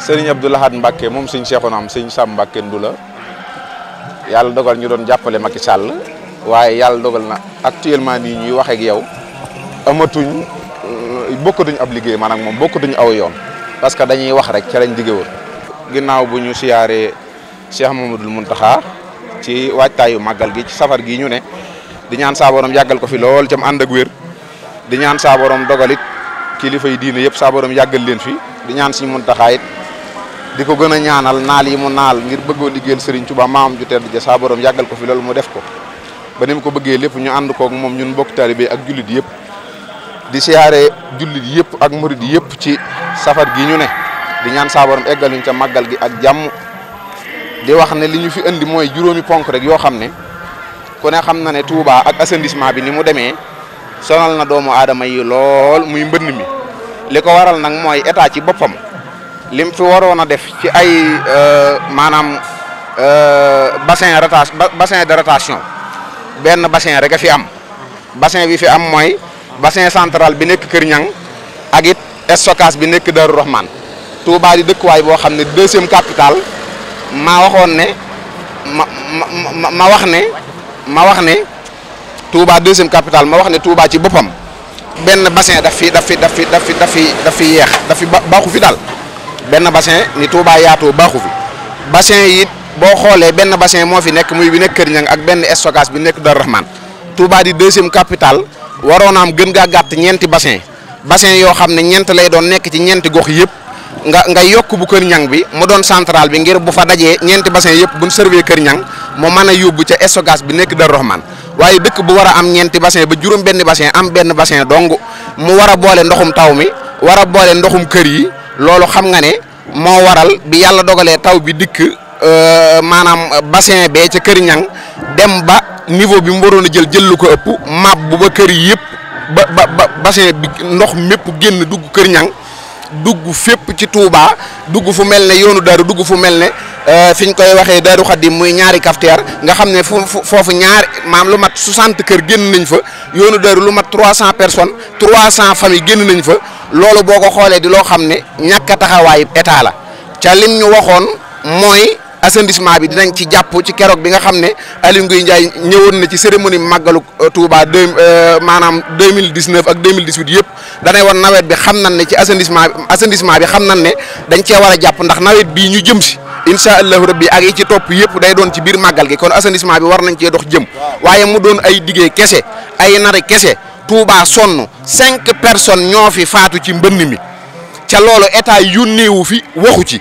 sëriñ Abdou Lahad Mbacke moom sëñ Cheikhouna am sëñ Sam Mbacke Ndoulo yàlla dogal ñu doon jàppale Macky Sall waaye yàlla dogal na actuellement nii ñuy wax ak yow amatuñ euh, bokkatuñ ab liggéey maanaam moom bokkatuñ aw yoon parce que dañuy wax rek ca lañ digge woon ginnaaw bu ñu siyaaree Cheikh Mamadou Mountakha ci waajtaayu màggal gi ci safar gi ñu ne di ñaan saa borom yàggal ko fi lool ca mu ànd ak wér di ñaan saa borom dogal it kilifa yi diine yëpp saa yàggal leen fi di ko gën a ñaanal naal yi mu naal ngir bëggoo liggéeyal Serigne Touba maam ju tedd ja saa borom ko fi loolu mu def ko ba ni ko bëggee lépp ñu ànd koog moom ñun mbokk taalibe ak jullit yëpp di siyaare jullit yëpp ak murid yëpp ci safar gi ñu ne di ñaan saa eggal ñu ca màggal gi ak jàmm di wax ne li ñu fi indi mooy juróomi ponk rek yoo xam ne ku ne xam na ne Touba ak assainissement bi ni mu demee sonal na doomu aadama yi lool muy mbënd mi li ko waral nag mooy état ci boppam. lim fi waroon a def ci ay euh, maanaam euh, bassin rotation bassin de rotation benn bassin rek a fi am bassin bi fi am mooy bassin central bi nekk Kër Ñang ak it stockage bi nekk Darou Rahman Touba di dëkkuwaay boo xam ne deuxième capitale ma waxoon ne ma ma ma wax ne ma wax ne Touba deuxième capital ma wax ne Touba ci boppam benn bassin daf fi dafi fi dafi fi daf fi yeex daf fi fi daal. benn bassin ni Touba yaatoo baaxu fi bassin yi boo xoolee benn bassin moo fi nekk muy bi nekk Kër Ñang ak benn stockage bi nekk Dar Rahman Touba di deuxième capitale waroon am gën gaa gàtt ñeenti bassin bassin yoo xam ne ñeent lay doon nekk ci ñeenti gox yëpp nga nga yokk bu Kër Ñang bi mu doon central bi ngir bu fa dajee ñeenti bassin yëpp buñ serve Kër Ñang mu mën a yóbbu ca stockage bi nekk Dar Rahman waaye dëkk bu war a am ñeenti bassin ba juróom benn bassin am benn bassin dong mu war a boole ndoxum taw mi war a boole ndoxum kër yi loolu xam nga ne moo waral bi yàlla dogalee taw bi dikk euh, maanaam bassin bee ca kër ñang dem ba niveau bi mu waroon a jël jël lu ko ëpp mab bu ba kër yëpp ba ba ba bassin bi ndox mépp génn dugg kër ñang dugg fépp ci Touba dugg fu mel ne yoonu Daaru dugg fu mel ne Euh, fi ñu koy waxee Daaru Xaddim muy ñaari cafetière nga xam ne foofu ñaari maam lu mat 60 kër génn nañ fa yoonu Daaru lu mat 300 personnes 300 familles génn nañ fa loolu boo ko xoolee di loo xam ne ñàkk a taxawaayu état la ca lim ñu waxoon mooy assainissement bi dinañ ci jàpp ci keroog bi nga xam ne Aliou Ngouye Ndiaye ñëwoon na ci cérémonie màggalu Touba deux euh, maanaam 2019 ak 2018 yëpp danay woon nawet bi xam nañ ne ci assainissement assainissement bi xam nañ ne dañ cee war a jàpp ndax nawet bii ñu jëm si. incha allahu rabbi ak yi ci topp yëpp day doon ci biir màggal gi kon assainissement bi war nañ cee dox jëm waaye mu doon ay diggee kese ay nare kese Touba sonn cinq personnes ñoo fi faatu ci mbënn mi ca loolu état yu wu fi waxu ci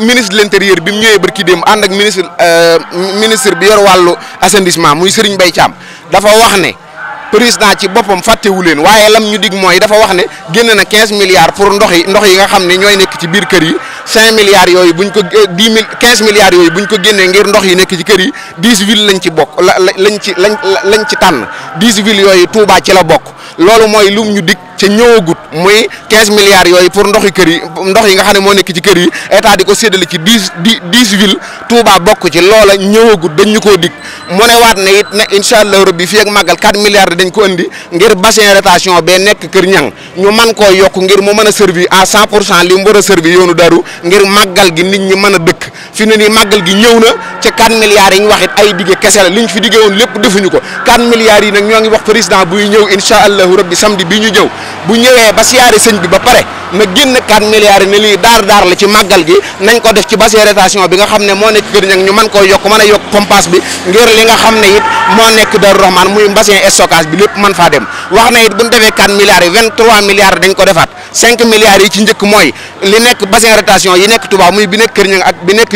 ministre de l'intérieur bi mu ñëwee barki démb ànd ak ministre euh, ministre bi yor wàllu assainissement muy Serigne Mbaye Thiam dafa wax ne président ci boppam fàttewu leen waaye lam ñu dig mooy dafa wax ne génn na 15 milliards pour ndox yi ndox yi nga ne ñooy nekk ci biir kër yi cinq milliards yooyu buñ ko dix mille quinze milliards yooyu buñ ko génnee ngir ndox yi nekk ci kër yi dix villes lañ ci bokk la lañ ci lañ lañ ci tànn dix villes yooyu Touba ci la bokk loolu mooy lum ñu dikk ca ñëwagut muy 15 milliards yooyu pour ndoxi kër yi ndox yi nga xam ne moo nekk ci kër yi état di ko séddale ci dix dix dix villes Touba bokk ci loola ñëwagut dañ ñu koo dikk mu ne waat ne it na incha allah rabbi fii ak màggal 4 dañ ko andi ngir bassin rétention bee nekk kër ñang ñu man koo yokk ngir mu mën a servir à cent pour cent li mu war a servir yoonu daru ngir màggal gi nit ñi mën a dëkk fi ne ni màggal gi ñëw na ca 4 milliards yi ñu wax it ay kese la liñ fi diggee woon lépp defuñu ko 4 milliards yi nag ñoo ngi wax président buy ñëw incha allah rabbi samedi bi ñu ñëw bu ñëwee ba siyaare sëñ bi ba pare na génn 4 milliards yi lii daar daar la ci màggal gi nañ ko def ci bassin retation bi nga xam ne moo nekk kër ñang ñu mën koo yokk mën a yokk pompage bi ngir li nga xam ne it moo nekk Darou Rahmane muy bassin stockage bi lépp man faa dem wax na it bu ñu defee 4 milliards yi 23 milliards dañ ko defaat 5 milliards yi ci njëkk mooy li nekk bassin rétention yi nekk Touba muy bi nekk kër ñang ak bi nekk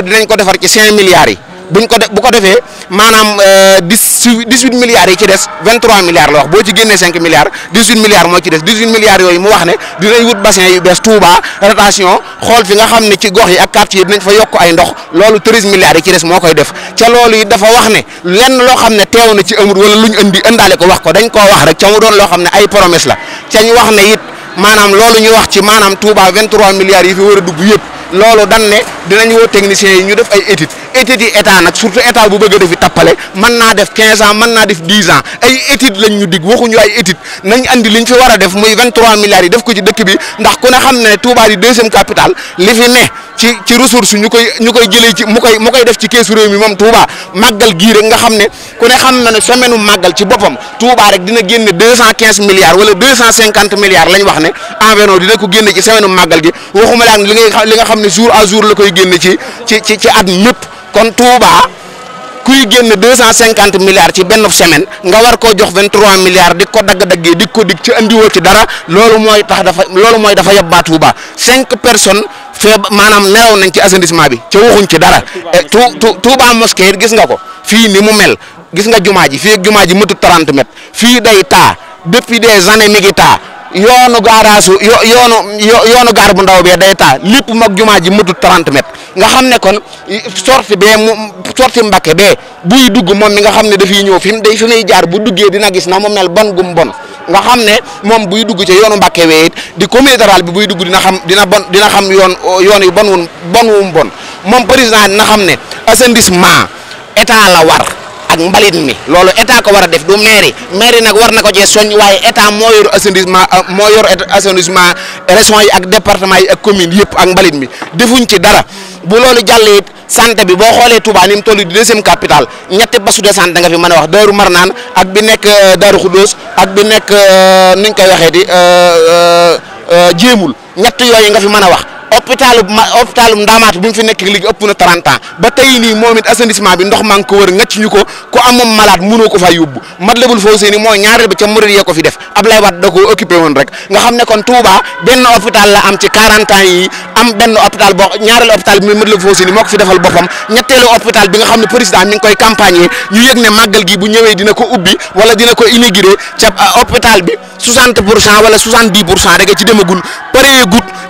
dinañ ko defar ci 5 milliards yi buñ ko bu ko defee maanaam euh, dix huit milliards yi ci des vingt trois milliards la wax boo ci génnee cinq milliards dix huit milliards moo ci des dix huit milliards yooyu mu wax ne dinañ wut bassin nga xam ne ci gox yi ak quartier dinañ fa yokk ay ndox loolu treize milliards ci des moo koy def ca loolu yi dafa wax ne lenn loo xam ne teew na ci amut wala lu ñu indi ëndaale ko wax ko dañ koo wax rek ca mu doon loo xam ne ay promesse la ca ñu wax ne it maanaam loolu ñu wax ci maanaam Touba vingt trois milliards yi fi war a dugg yëpp loolu dan ne dinañ woo techniciens yi ñu def ay études études yi état nag surtout état bu bëgg a defi tappale mën naa def 15 ans mën naa def 10 ans ay études lañ ñu dig waxuñu ay études nañ andi liñ fi war a def muy 23 milliards yi def ko ci dëkk bi ndax ku ne xam ne Touba di deuxième capitale li fi ne ci ci ressource ñu koy ñu koy jëlee ci mu koy mu koy def ci keesu réew mi moom Touba màggal gii rek nga xam ne ku ne xam na ne semaine màggal ci boppam Touba rek dina génne 215 milliards wala 250 milliards lañ wax ne environ dina ko génne ci semaine màggal gi waxuma la li nga xam ne jour à la koy génne ci ci ci at ñëpp. kon Touba kuy génn deux cent cinquante milliards ci benn semaine nga war koo jox vingt trois milliards di ko dagg-daggee di ko dig ci andiwoo ci dara loolu mooy tax dafa loolu mooy dafa yabbaat Touba cinq personnes feeb maanaam nelaw nañ ci assainissement bi ci waxuñ ci dara. Eh, Touba mosquée gis nga ko fii ni mu mel gis nga jumaa ji fii jumaa ji mëtu 30 mètres fii day taa depuis des années mi ngi taa. yoonu gaarasu yoonu yoonu gaar bu ndaw bee day taa lépp mag jumaa ji mutut 30 mètres nga xam ne kon sorti bee mu sorti Mbàkke bee buy dugg moom mi nga xam ne dafiy ñëw fi mu day jaar bu duggee dina gis na mu mel bon gum bon nga xam ne moom buy dugg ci yoonu Mbàkke wee di communauté rurale bi buy dugg dina xam dina bon dina xam yoon yoon yu bon wun bon wum bon moom président dina xam ne assainissement état la war ak mbalit mi loolu état ko war a def du mairie mairie nag war na ko cee soñ waaye état moo yor assainissement euh, moo yor assainissement région yi ak département yi ak commune yëpp ak mbalit mi defuñ ci dara bu loolu jàllee it santé bi boo xoolee Touba ni mu toll di deuxième capitale ñetti basu de santé nga fi mën a wax Daaru Marnaan ak bi nekk euh, Daaru Xuddoos ak bi nekk euh, nuñ koy waxee di jéemul ñett yooyu nga fi mën a wax hôpitalu ma hôpitalu Ndaamaatu bi mu fi nekk léegi ëpp na 30 ba tey nii moom it assainissement bi ndox maa ngi ko wër ñu ko ku amoon malade mënoo ko faa yóbbu Matlaboul Fawzeyni mooy ñaareel ba ca murid ya ko fi def Ablaye Wade da koo occupé woon rek nga xam ne kon Touba benn hôpital am ci 40 ans yi am benn hôpital boo ñaareelu hôpital bi muy Matlaboul Fawzeyni moo ko fi defal boppam ñetteelu hôpital bi nga xam ne président mi ngi koy campagne ñu yëg ne màggal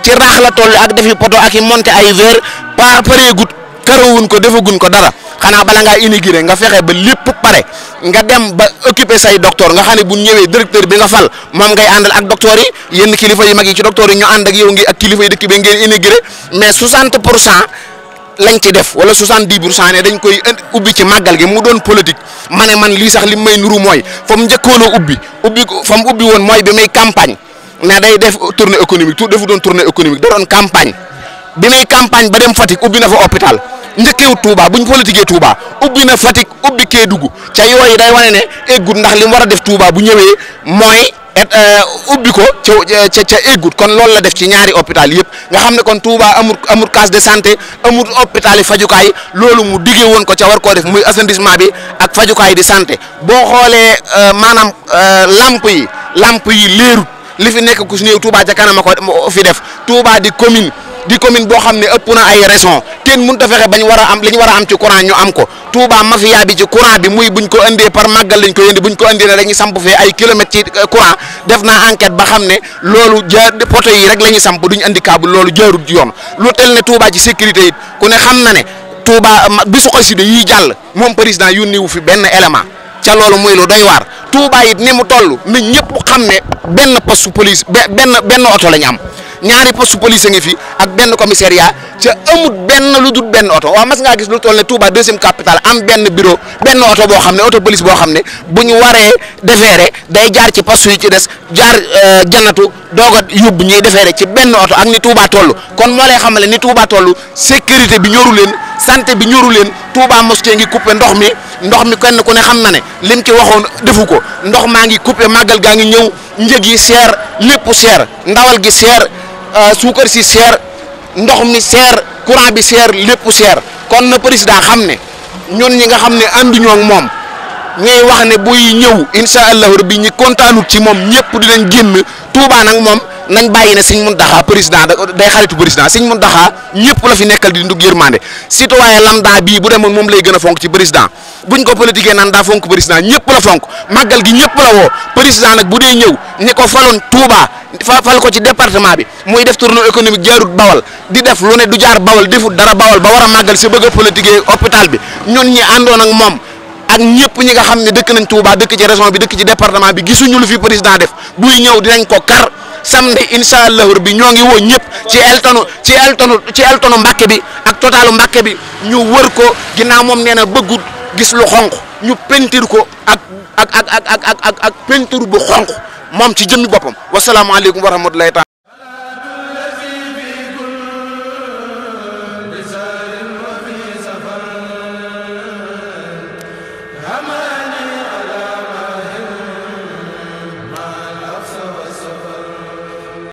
ci raax la toll ak defi poto ak i monter ay verre pas pareegut karawuñ ko defaguñ ko dara xanaa bala ngaa inaugurer nga fexe ba lépp pare nga dem ba occuper say docteur nga xam ne bu ñëwee directeur bi nga fal moom ngay àndal ak docteur yi yenn kilifa yu mag yi ci docteur yi ñu ànd ak yow ngi ak kilifa yi dëkk bi ngeen inaugurer mais 60 pour cent lañ ci def wala 70 pour cent ne dañ koy ubbi ci màggal gi mu doon politique ma ne man li sax li may nuru mooy fa mu njëkkoon a ubbi ubbi fa mu ubbi woon mooy bi campagne. ne day def tournée économique tu defu doon tournée économique da doon campagne bi may campagne ba dem Fatick ubbi na fa hôpital njëkkeew Touba bu ñu politiquee Touba ubbi na Fatick ubbi Kédougou ca yooyu day wane ne eggut ndax li mu war a def Touba bu ñëwee mooy euh, ubbi ko ca ca ca kon loolu la def ci ñaari hôpital yëpp nga xam ne kon Touba amul amul case de santé amul hôpital yi fajukaay loolu mu diggee woon ko ca war koo def muy assainissement bi ak fajukaay di santé boo xoolee euh, maanaam euh, lamp yi lamp yi leerut. li fi nekk ku si néew Touba ca kanam a ko fi def Touba di commune di commune boo xam ne ëpp na ay raison kenn mënut a fexe bañ war a am li ñu war a am ci courant ñu am ko Touba mafia bi ci courant bi muy buñ ko indee par màggal lañ ko indi buñ ko indee ne dañuy samp fee ay kilomètres ci euh, courant def naa enquête ba xam ne loolu jaar poto yi rek samp duñ indi câble loolu jaarut yoon lu tel ne Touba ci sécurité it ku ne xam na ne Touba bisu xasida yi jàll moom président yónni wu fi benn élément ca loolu muy lu doy Touba it ni mu toll na ñëpp xam ne benn poste benn benn oto la ñu am ñaari poste police a ngi fi ak benn commissaria ca amut benn lu dul benn oto waaw mas ngaa gis lu toll ne Touba deuxième capitale am benn bureau benn oto boo xam ne oto police boo xam ne bu ñu waree defeere day jaar ci poste yi ci des jaar euh, jannatu doog a yóbbu ñuy defeere ci benn oto ak ni Touba toll kon moo lay xamale ni Touba toll sécurité bi ñoru leen. santé bi ñoru leen Touba mosquée ngi coupé ndox mi ndox mi kenn ko ne xam na ne leen ci waxoon defu ko ndox maa ngi coupé màggal gaa ngi ñëw njëg yi seer lépp seer ndawal gi seer euh, suukar si seer ndox mi seer courant bi seer lépp seer kon na président xam ne ñun ñi nga xam ne ànduñoo ak moom ñuy wax ne buy ñëw incha allahu rabbi ñi kontaanut ci moom ñëpp dinañ génn Touba nag moom. nañ bàyyi ne sëñ Muntaxa président day xaritu président sëñ Muntaxa ñëpp la fi nekkal di ndug yërmande citoyen lambda bii bu demoon moom lay gën a fonk ci président buñ ko politiqué nan daa fonk président ñëpp la fonk màggal gi ñëpp la woo président nag bu dee ñëw ñi ko faloon Touba fal ko ci département bi muy def tournée économique jaarut bawal di def lu ne du jaar bawal defut dara bawal ba war a màggal si bëgg a politiqué hôpital bi ñun ñi àndoon moom. ñëpp ñi nga xam ne dëkk nañ Touba dëkk ci région bi dëkk ci département bi gisuñu lu fi président def buy ñëw dinañ ko kar samedi incha allahu rabbi ñoo ngi woo ñëpp ci eltonu ci eltonu ci eltonu mbàkke bi ak totalu mbàkke bi ñu wër ko ginnaaw moom nee na bëggut gis lu xonq ñu peinture ko ak ak ak ak ak ak peinture bu xonq moom ci jëmmi boppam wasalaamaaleykum wa rahmatulahi taala